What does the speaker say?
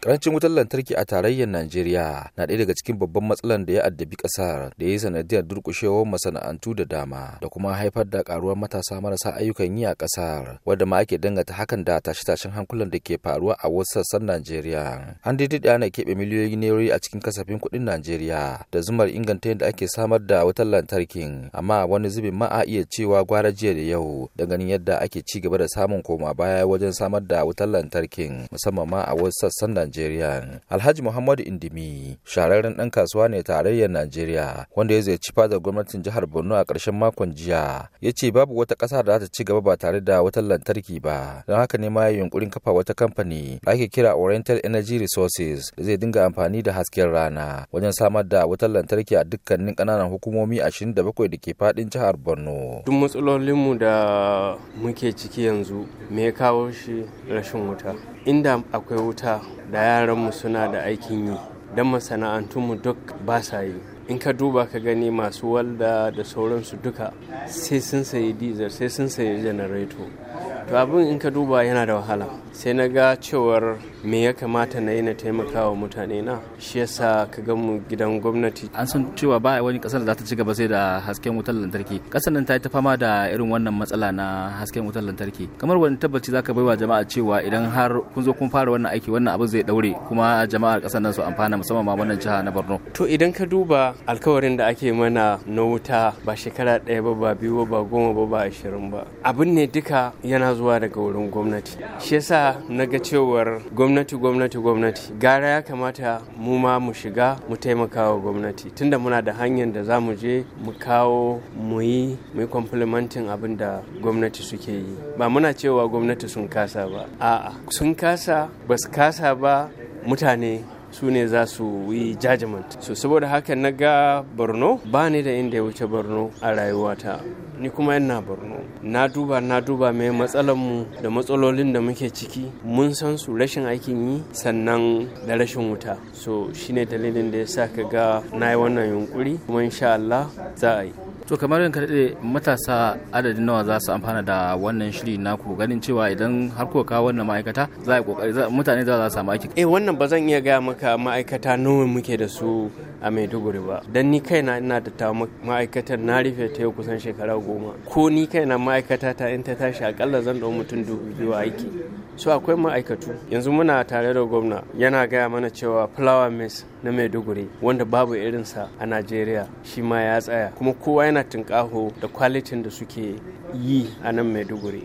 Karancin wutar lantarki a tarayyar Najeriya na ɗaya daga cikin babban matsalar da ya addabi ƙasar da ya yi sanadiyar durƙushewar masana'antu da dama da kuma haifar da ƙaruwar matasa marasa ayyukan yi a ƙasar wadda ma ake dangata hakan da tashe-tashen hankulan da ke faruwa a wasu sassan Najeriya. An daidai ana keɓe miliyoyin nerori a cikin kasafin kuɗin Najeriya da zumar inganta yadda ake samar da wutar lantarkin amma wani zubin ma a iya cewa gwara jiya da yau da ganin yadda ake ci gaba da samun koma baya wajen samar da wutar lantarkin musamman ma a wasu sassan Najeriya. Alhaji Muhammadu Indimi shararren ɗan kasuwa ne tarayyar Najeriya wanda ya ziyarci fada gwamnatin jihar Borno a ƙarshen makon jiya. Ya ce babu wata ƙasa da za ta ci gaba ba tare da wata lantarki ba. Don haka ne ma ya yunkurin kafa wata kamfani da ake kira Oriental Energy Resources da zai dinga amfani da hasken rana wajen samar da wutar lantarki a dukkanin ƙananan hukumomi 27 da ke faɗin jihar Borno. Duk matsalolinmu da muke ciki yanzu me ya kawo shi rashin wuta. inda akwai wuta da yaranmu suna da aikin yi don masana'antunmu duk ba sa yi in ka duba ka gani masu walda da sauransu duka sai sun sayi dizar sai sun sayi janareto to abin in ka duba yana da wahala sai na ga cewar me ya kamata na yi na taimaka wa mutane na shi yasa ka ga mu gidan gwamnati an san cewa ba wani kasar da za ta ci gaba sai da hasken wutar lantarki kasar nan ta yi ta fama da irin wannan matsala na hasken wutar lantarki kamar wani tabbaci za ka baiwa jama'a cewa idan har kun zo kun fara wannan aiki wannan abu zai daure kuma jama'ar kasar nan su amfana musamman ma wannan jiha na Borno to idan ka duba alkawarin da ake mana na wuta ba shekara ɗaya ba ba biyu ba goma ba ba ashirin ba abin ne duka yana zuwa daga wurin gwamnati shi yasa yasa na ga cewar gwamnati gwamnati gwamnati gara ya kamata mu ma mu shiga mu taimaka wa gwamnati tunda muna da hanyar da za mu je mu kawo mu yi mu yi abin da gwamnati suke yi ba muna cewa gwamnati sun kasa ba a'a sun kasa ba su kasa ba mutane su ne za su yi judgment so saboda haka na ga borno ba ni da inda ya wuce borno a rayuwata ni kuma yana borno na duba na duba mai mu da matsalolin da muke ciki mun san su rashin aikin yi sannan da rashin wuta so shine dalilin da ya sa ka ga na yi wannan yunkuri kuma insha Allah za a yi to kamar yin karɗe matasa adadin nawa za su amfana da wannan shiri na ku ganin cewa idan har ko kawo wannan ma'aikata za a kokari mutane za su samu aiki eh wannan ba zan iya gaya maka ma'aikata nawa muke da su a Maiduguri ba dan ni kaina ina da ta ma'aikatan na rufe ta yau kusan shekara goma ko ni kaina ma'aikata ta in ta tashi akalla zan ɗau mutum dubu biyu aiki so akwai ma'aikatu yanzu muna tare da gwamna yana gaya mana cewa flower mess na Maiduguri wanda babu irinsa a Najeriya shi ma ya tsaya kuma kowa yana muna tunƙaho da kwalitin da suke yi a nan maiduguri